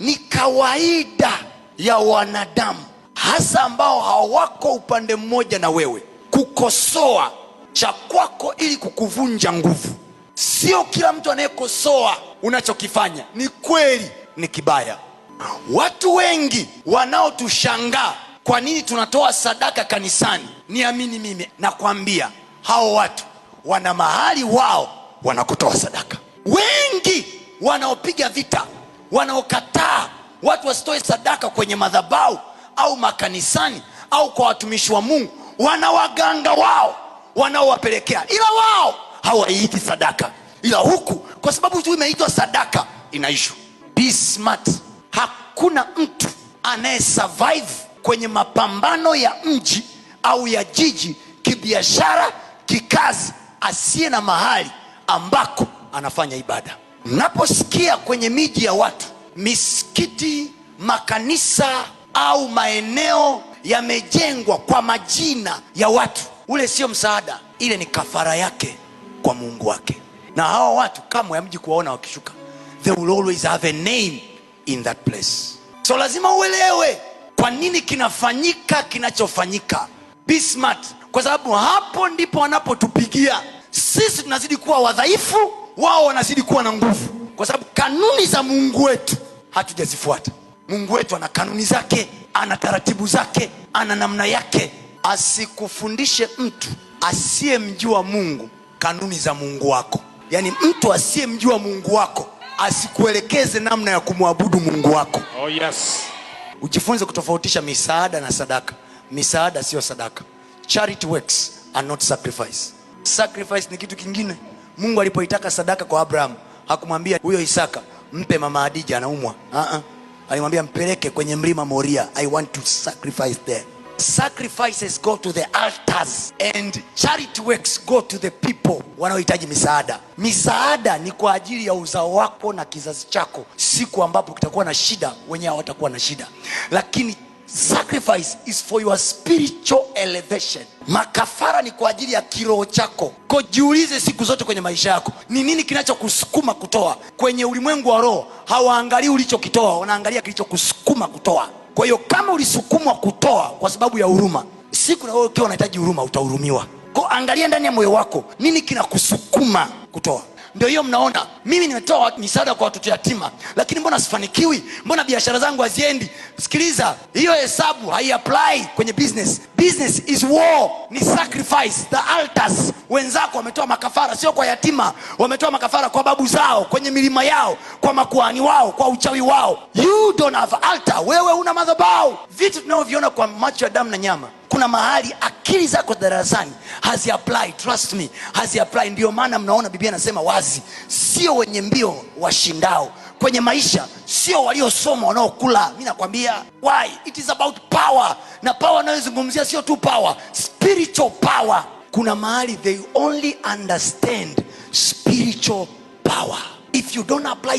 ni kawaida ya wanadamu hasa ambao hawako upande mmoja na wewe kukosoa cha kwako ili kukuvunja nguvu. Sio kila mtu anayekosoa unachokifanya ni kweli ni kibaya. Watu wengi wanaotushangaa kwa nini tunatoa sadaka kanisani, niamini mimi, nakwambia hao watu wana mahali wao wanakutoa sadaka. Wengi wanaopiga vita wanaokataa watu wasitoe sadaka kwenye madhabau au makanisani au kwa watumishi wa mungu wana waganga wao wanaowapelekea ila wao hawaiiti sadaka ila huku kwa sababu tu imeitwa sadaka inaishu be smart hakuna mtu anayesurvive kwenye mapambano ya mji au ya jiji kibiashara kikazi asiye na mahali ambako anafanya ibada Mnaposikia kwenye miji ya watu misikiti, makanisa au maeneo yamejengwa kwa majina ya watu, ule sio msaada, ile ni kafara yake kwa Mungu wake. Na hawa watu kamwe yamji kuwaona wakishuka, they will always have a name in that place. So lazima uelewe kwa nini kinafanyika kinachofanyika. Be smart, kwa sababu hapo ndipo wanapotupigia sisi. Tunazidi kuwa wadhaifu wao wanazidi kuwa na nguvu, kwa sababu kanuni za Mungu wetu hatujazifuata. Mungu wetu ana kanuni zake, ana taratibu zake, ana namna yake. Asikufundishe mtu asiyemjua Mungu kanuni za Mungu wako, yaani mtu asiyemjua Mungu wako asikuelekeze namna ya kumwabudu Mungu wako. Oh, yes. Ujifunze kutofautisha misaada na sadaka. Misaada siyo sadaka. Charity works are not sacrifice. Sacrifice ni kitu kingine. Mungu alipoitaka sadaka kwa Abraham hakumwambia huyo Isaka mpe mama Adija anaumwa. uh -uh. Alimwambia mpeleke kwenye mlima Moria, I want to sacrifice there. Sacrifices go to the altars and charity works go to the people wanaohitaji misaada. Misaada ni kwa ajili ya uzao wako na kizazi chako, siku ambapo kitakuwa na shida, wenyewe hawatakuwa na shida, lakini Sacrifice is for your spiritual elevation. Makafara ni kwa ajili ya kiroho chako. Kujiulize siku zote kwenye maisha yako, ni nini kinachokusukuma kutoa? Kwenye ulimwengu wa roho hawaangalii ulichokitoa, wanaangalia kilichokusukuma kutoa. Kwa hiyo kama ulisukumwa kutoa kwa sababu ya huruma, siku na wewe ukiwa unahitaji huruma utahurumiwa. Ko, angalia ndani ya moyo wako, nini kinakusukuma kutoa. Ndio hiyo mnaona mimi nimetoa misaada kwa watoto yatima, lakini mbona sifanikiwi? Mbona biashara zangu haziendi? Sikiliza, hiyo hesabu haiapply kwenye business. Business is war, ni sacrifice the altars. Wenzako wametoa makafara, sio kwa yatima, wametoa makafara kwa babu zao, kwenye milima yao, kwa makuhani wao, kwa uchawi wao. You don't have altar, wewe una madhabahu. Vitu tunavyoviona kwa macho ya damu na nyama kuna mahali akili zako darasani hazi apply, trust me, hazi apply. Ndio maana mnaona Biblia anasema wazi, sio wenye mbio washindao kwenye maisha, sio waliosoma wanaokula. Mi nakwambia why it is about power, na power anayozungumzia sio tu power, spiritual power. Kuna mahali they only understand spiritual power if you don't apply